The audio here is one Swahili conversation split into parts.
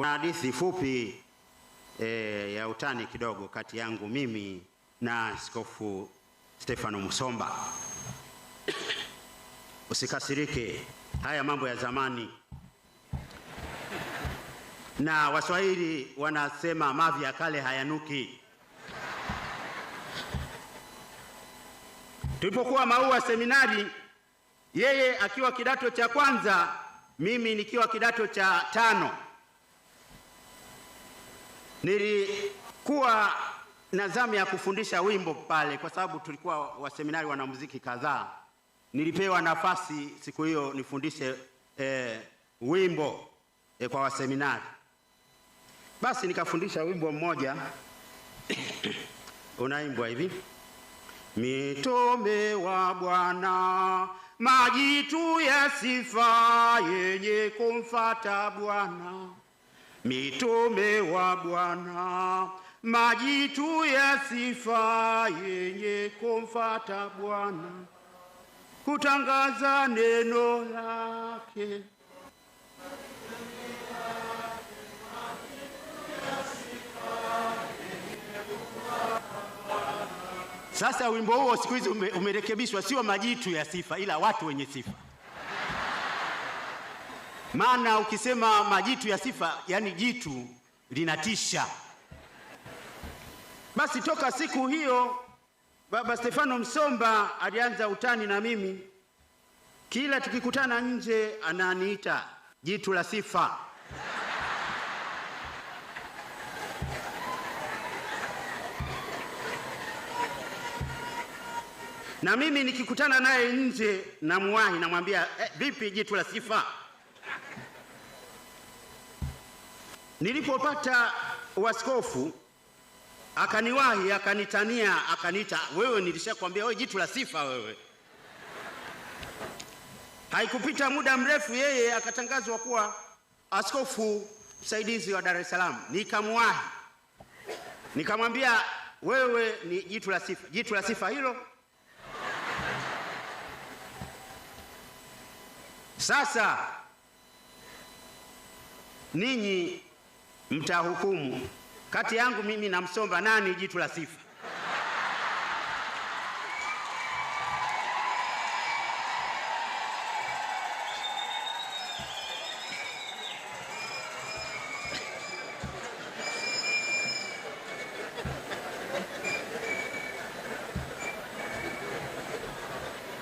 Kuna hadithi fupi e, ya utani kidogo kati yangu mimi na Askofu Stefano Musomba. Usikasirike, haya mambo ya zamani. Na Waswahili wanasema mavi ya kale hayanuki. Tulipokuwa Maua seminari, yeye akiwa kidato cha kwanza, mimi nikiwa kidato cha tano Nilikuwa na zamu ya kufundisha wimbo pale, kwa sababu tulikuwa waseminari muziki kadhaa. Nilipewa nafasi siku hiyo nifundishe eh, wimbo eh, kwa waseminari. Basi nikafundisha wimbo mmoja unaimbwa hivi: mitume wa Bwana majitu ya sifa yenye kumfata Bwana mitume wa Bwana, maji tu ya sifa yenye kumfata Bwana, kutangaza neno lake Sasa wimbo huo siku hizi umerekebishwa, sio majitu ya sifa, ila watu wenye sifa. Maana ukisema majitu ya sifa, yani jitu linatisha. Basi toka siku hiyo Baba Stefano Msomba alianza utani na mimi, kila tukikutana nje ananiita jitu la sifa. na mimi nikikutana naye nje namwahi, namwambia eh, vipi jitu la sifa? Nilipopata waskofu akaniwahi akanitania akaniita, wewe, nilishakwambia wewe jitu la sifa wewe. Haikupita muda mrefu, yeye akatangazwa kuwa askofu msaidizi wa Dar es Salaam. Nikamwahi nikamwambia, wewe ni jitu la sifa. Jitu la sifa hilo sasa ninyi mtahukumu. Kati yangu mimi na Msomba, nani jitu la sifa?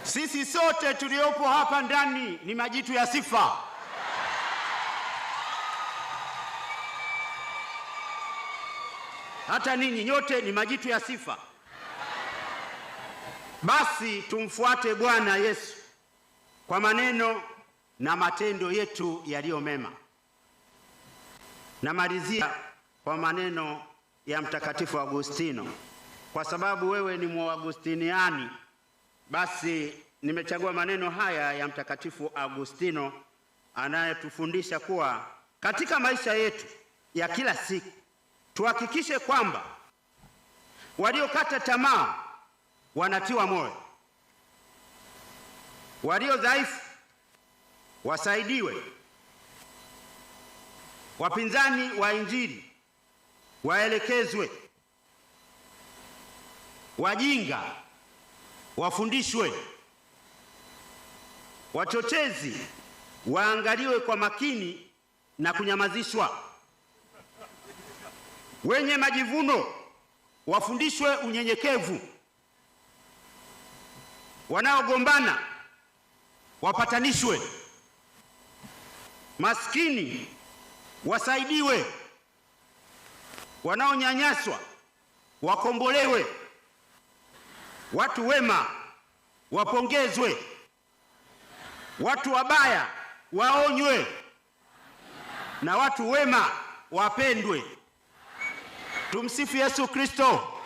Sisi sote tuliopo hapa ndani ni majitu ya sifa. hata ninyi nyote ni majitu ya sifa. Basi tumfuate Bwana Yesu kwa maneno na matendo yetu yaliyo mema. Namalizia kwa maneno ya Mtakatifu Agustino. Kwa sababu wewe ni Mwagustiniani, basi nimechagua maneno haya ya Mtakatifu Agustino anayetufundisha kuwa katika maisha yetu ya kila siku Tuhakikishe kwamba waliokata tamaa wanatiwa moyo, walio dhaifu wasaidiwe, wapinzani wa Injili waelekezwe, wajinga wafundishwe, wachochezi waangaliwe kwa makini na kunyamazishwa wenye majivuno wafundishwe unyenyekevu, wanaogombana wapatanishwe, maskini wasaidiwe, wanaonyanyaswa wakombolewe, watu wema wapongezwe, watu wabaya waonywe, na watu wema wapendwe. Tumsifu Yesu Kristo.